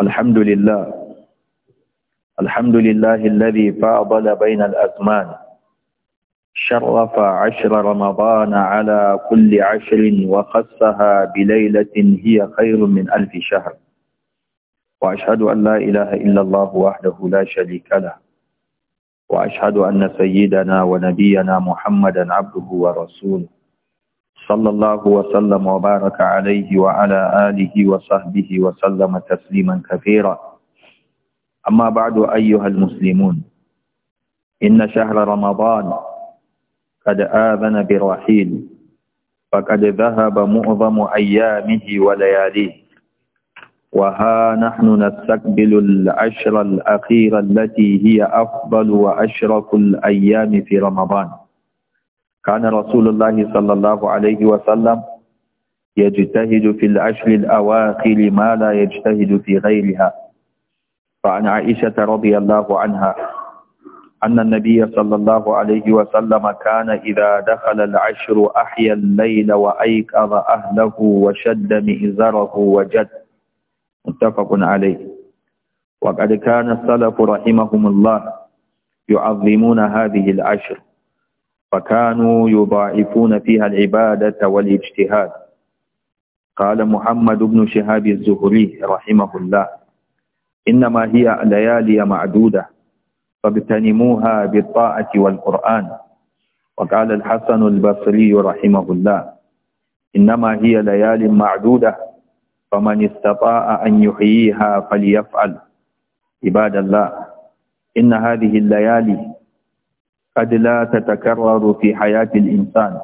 الحمد لله الحمد لله الذي فاضل بين الأزمان شرف عشر رمضان على كل عشر وخصها بليلة هي خير من ألف شهر وأشهد أن لا إله إلا الله وحده لا شريك له وأشهد أن سيدنا ونبينا محمدا عبده ورسوله صلى الله وسلم وبارك عليه وعلى آله وصحبه وسلم تسليما كثيرا أما بعد أيها المسلمون إن شهر رمضان قد آذن برحيل فقد ذهب معظم أيامه ولياليه وها نحن نستقبل العشر الأخيرة التي هي أفضل وأشرف الأيام في رمضان كان رسول الله صلى الله عليه وسلم يجتهد في العشر الأواخر ما لا يجتهد في غيرها فعن عائشة رضي الله عنها أن النبي صلى الله عليه وسلم كان إذا دخل العشر أحيا الليل وأيقظ أهله وشد مئزره وجد متفق عليه وقد كان السلف رحمهم الله يعظمون هذه العشر فكانوا يضاعفون فيها العبادة والاجتهاد قال محمد بن شهاب الزهري رحمه الله إنما هي ليالي معدودة فاغتنموها بالطاعة والقرآن وقال الحسن البصري رحمه الله إنما هي ليالي معدودة فمن استطاع أن يحييها فليفعل عباد الله إن هذه الليالي قد لا تتكرر في حياة الإنسان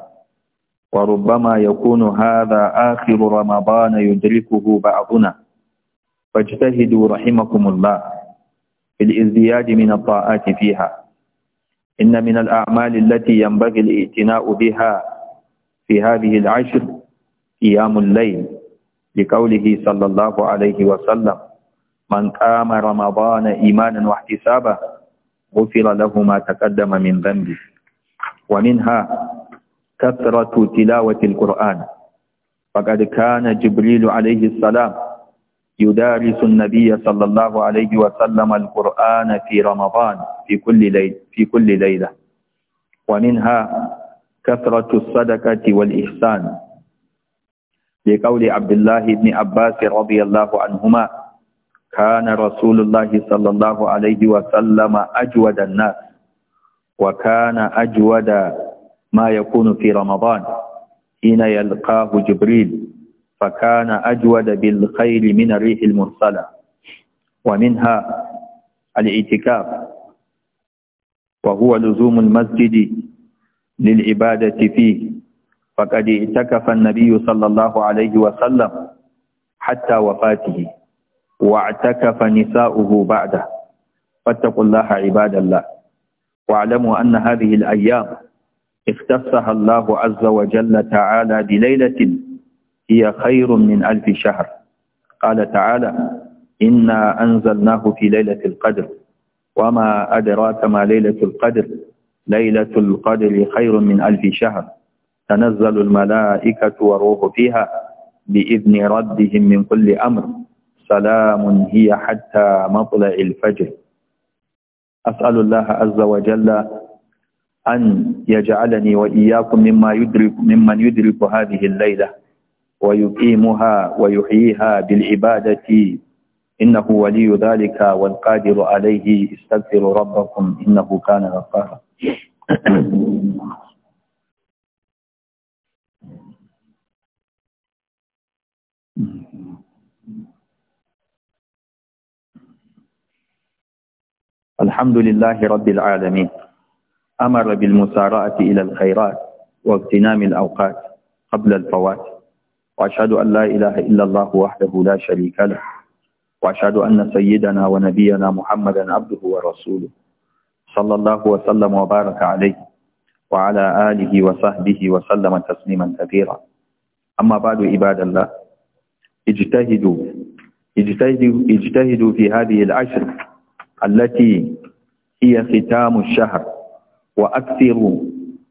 وربما يكون هذا آخر رمضان يدركه بعضنا فاجتهدوا رحمكم الله في الازدياد من الطاعات فيها إن من الأعمال التي ينبغي الاعتناء بها في هذه العشر قيام الليل لقوله صلى الله عليه وسلم من قام رمضان إيمانا واحتسابا غفر له ما تقدم من ذنبه ومنها كثرة تلاوة القرآن فقد كان جبريل عليه السلام يدارس النبي صلى الله عليه وسلم القرآن في رمضان في كل ليل في كل ليلة ومنها كثرة الصدقة والإحسان لقول عبد الله بن عباس رضي الله عنهما كان رسول الله صلى الله عليه وسلم أجود الناس وكان أجود ما يكون في رمضان حين يلقاه جبريل فكان أجود بالخير من الريح المرسلة ومنها الاعتكاف وهو لزوم المسجد للعبادة فيه فقد اعتكف النبي صلى الله عليه وسلم حتى وفاته واعتكف نساؤه بعده فاتقوا الله عباد الله واعلموا أن هذه الأيام اختصها الله عز وجل تعالى بليلة هي خير من ألف شهر قال تعالى إنا أنزلناه في ليلة القدر وما أدراك ما ليلة القدر ليلة القدر خير من ألف شهر تنزل الملائكة وروح فيها بإذن ربهم من كل أمر سلام هي حتى مطلع الفجر أسأل الله عز وجل أن يجعلني وإياكم مما يدرك ممن يدرك هذه الليلة ويقيمها ويحييها بالعبادة إنه ولي ذلك والقادر عليه استغفروا ربكم إنه كان غفارا الحمد لله رب العالمين أمر بالمسارعة إلى الخيرات واغتنام الأوقات قبل الفوات وأشهد أن لا إله إلا الله وحده لا شريك له وأشهد أن سيدنا ونبينا محمدا عبده ورسوله صلى الله وسلم وبارك عليه وعلى آله وصحبه وسلم تسليما كثيرا أما بعد عباد الله اجتهدوا اجتهدوا, اجتهدوا في هذه العشر التي هي ختام الشهر وأكثروا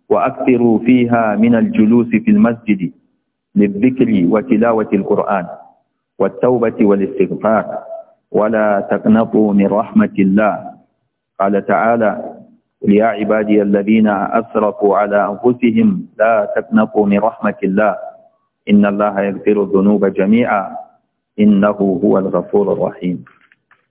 وأكثروا فيها من الجلوس في المسجد للذكر وتلاوة القرآن والتوبة والاستغفار ولا تقنطوا من رحمة الله قال تعالى قل يا عبادي الذين أسرفوا على أنفسهم لا تقنطوا من رحمة الله إن الله يغفر الذنوب جميعا إنه هو الغفور الرحيم